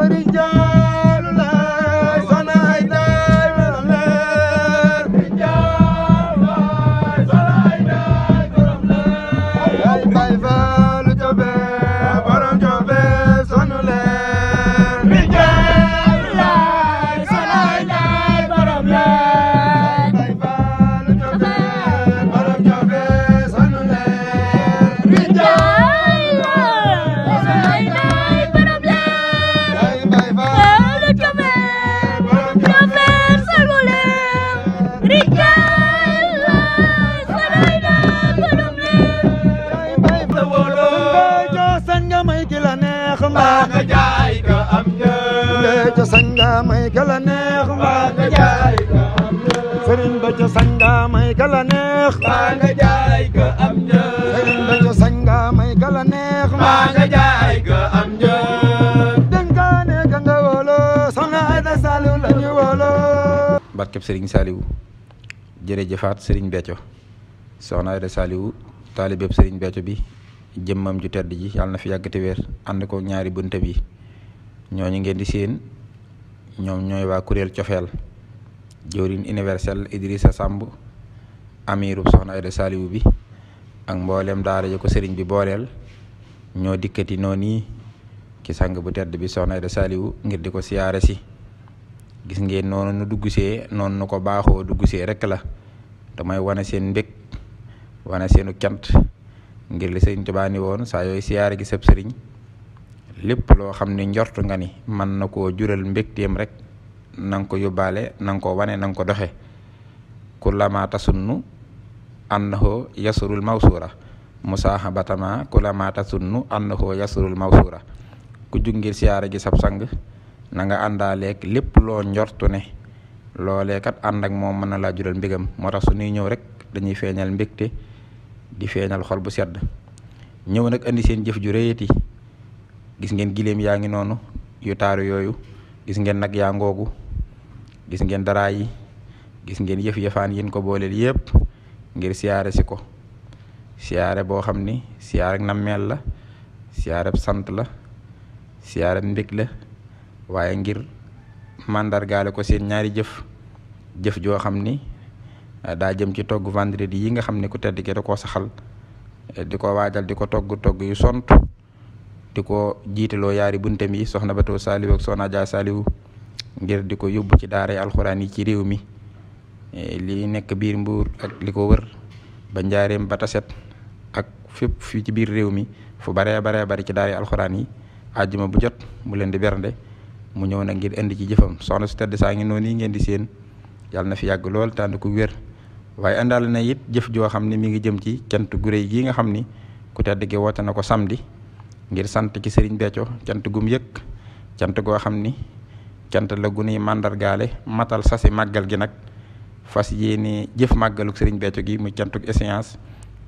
Parija. nga jaay ka am njëg ca sanga may ka la neex mbaa nga jaay ka am njëg sëriñ ba ca sanga may ka la neex mbaa nga jaay ka am njëg sëriñ ba ca sanga may ka la neex mbaa nga jaay ka am njëg dénkaane ka nga wóolo soxna Aida Saliou la ñu wóolo barkeb sëriñ Saliou jërëjëfaat sëriñ Béthio soxna Aida Saliou taalibeb sëriñ Béthio bi jëmmam ju tedd ji yàlla na fi yàgg te wér ànd ko ñaari bëntam yi ñooñu ngeen di séen ñoom ñooy waa kuréel cofeel jëwriñ universel Idrissa Samb amirub soxna Aida Saliou bi ak mboolem daara ja ko sëriñ bi booleel ñoo dikkati noonu ni ki sang bu tedd bi soxna Aida Saliou ngir di ko siyaare si gis ngeen noonu nu dugg see noonu nu ko baaxoo dugg see rek la damay wane seen mbég wane seenu cant ngir li sëriñ Tuubaa ni woon saa yooyu siyaare gi sab sëriñ lépp loo xam ne njortu nga ni man na koo jural mbégteem rek na ko yóbbaale na ko wane na mata ko doxe kullama tasunnu annahu yasurul mawsuura musaahabatama kullama tasunnu annahu yasurul mawsuura ku jungir ngir siyaare gi sab sang na nga àndaaleeg lépp loo njortu ne loolee kat ànd ak moom mën na laa jural mbégam moo tax su ñëw rek dañuy feeñal mbégte di feeñal xol bu sedd ñëw nag indi seen jëf ju réyati gis ngeen giléem yaa ngi noonu yu taaru yooyu gis ngeen nag yaa ngoogu gis ngeen dara yi gis ngeen yëf yëfaan yin ko booleel yépp ngir siyaare si ko siyaare boo xam ni siyaare nammeel la siyaare sant la siyaare mbég la waaye ngir màndargaale ko seen ñaari jëf jëf joo xam ni Eh, da jëm ci togg vendredi yi nga xamne ne ku tedd ki da eh, ko saxal diko ko diko togg togg yu sontu diko ko jiitaloo yaari buntam yi soxna Bato saliw ak soxna Dia saliw ngir diko yobbu ci daara alquran yi ci rew mi eh, li nek bir mbur ak liko wër ba ndiarem ba taset ak fep fi ci bir rew mi fu bare bare bare ci daara alquran yi aljuma bu jot mu len di bernde mu ñew na ngir indi ci jëfam soxna su tedd saa ngi noni ngeen di seen yalla na fi yag lool tan ko wër waaye àndaale na yit jëf joo xam ne mi ngi jëm ci cant gu gii nga xam ni ku tedd gi woote na ko samdi ngir sant ci Serigne Béthio cant gum yëkk cant goo xam ni cant la gu nuy màndargaale matal sasi màggal gi nag fas yéene jëf màggaluk sëriñ Béthio gi mu cantuk échéance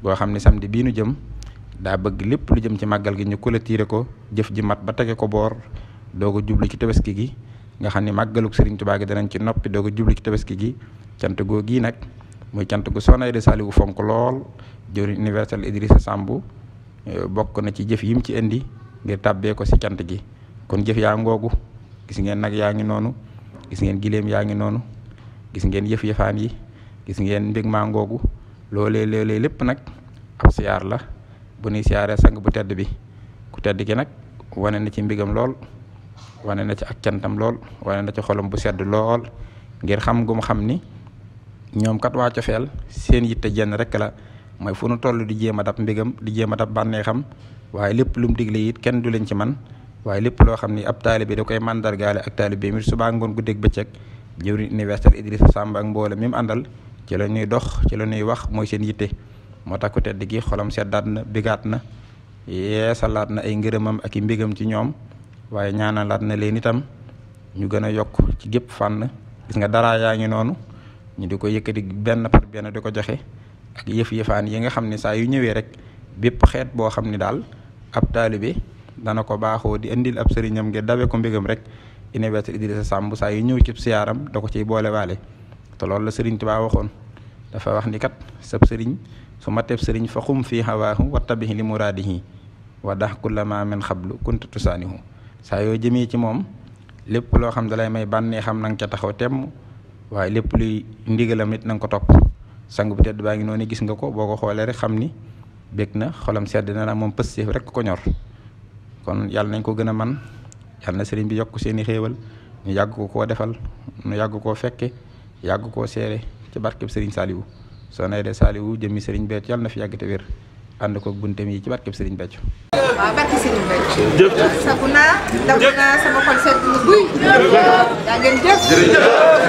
goo xam ni samedi bii nu jëm daa bëgg lépp lu jëm ci màggal gi ñu collecté ko jëf ji mat ba tege ko boor doog a jublu ci tabaski gi nga xam ni màggaluk Serigne Touba gi danañ ci noppi doo a jublu ci tabaski gi cant goo gii nag. muy cant gu Soxna Aida Saliou fonk lool jëwriñ universel Idrissa Samb euh, bokk na ci jëf yim ci indi ngir tàbbee ko si cant gi kon jëf yaa ngoogu gis ngeen nag yaa ngi noonu gis ngeen giléem yaa ngi noonu gis ngeen yëf yëfaan yi gis ngeen mbég maa ngoogu loolee loolee lépp nag ab siyaar la bu nuy siyaaree sang bu tedd bi ku tedd ki nag wane na ci mbigam lool wane na ci ak cantam lool wane na ci xolom bu sedd lool ngir xam gu xam ni ñoom kat waa cofeel seen yitte jenn rek la mooy fu nu toll di jéem a dab mbégam di jéem a dab bànneexam waaye lépp lu mu digle it kenn du leen ci man waaye lépp loo xam ni ab taalibe da koy mandargaale ak taalibe mi subaa ngoon guddeeg bëccëg jëwri universitaire Idrissa Samba ak mboole mi mu àndal ci la ñuy dox ci la ñuy wax mooy seen yitte moo tax ku tedd gi xolam seddaat na bigaat na yeesalaat na ay ngërëmam ak i mbigam ci ñoom waaye ñaanalaat na leen itam ñu gën a yokk ci gépp fànn gis nga dara yaa ngi noonu ñu di ko yëkkati benn par benn di ko joxe ak yëf-yëfaan yi nga xam ne saa yu ñëwee rek bépp xeet boo xam ne daal ab taalibe dana ko baaxoo di indil ab sëriñam nga dawe ko mbégam rek université Idrissa Samb saa yu ñëw cib siyaaram da ko ciy boole waale te loolu la sëriñ ba waxoon dafa wax ni kat sab sëriñ su mateb sëriñ fa xum fii hawaahu wa tabihi li muraadihi wa dax kullama min xablu kunta tusaanihu saa yoo jëmee ci moom lépp loo xam dalay may bànnee xam na nga ca taxaw temm waaye lépp luy ndigalam it na nga ko topp sang bu tedd baa ngi noonu gis nga ko boo ko xoolee rek xam ni bég na xolam sedd na la moom pëstéef rek ko ñor kon yàlla nañ ko gën a man yàlla na sëriñ bi yokk seeni xéewal ñu yàgg ko koo defal ñu yàgg koo fekke yàgg koo seere ci barkeb sëriñ Saliou soo nay de Saliou jëmmi sëriñ Béthio yàlla na fi yàgg te wér ànd koog buntam yi ci barkeb sëriñ Béthio waaw barke sëriñ Béthio. jërëjëf sagu naa daw naa sama xol seetlu na buy jërëjëf ngeen jëf.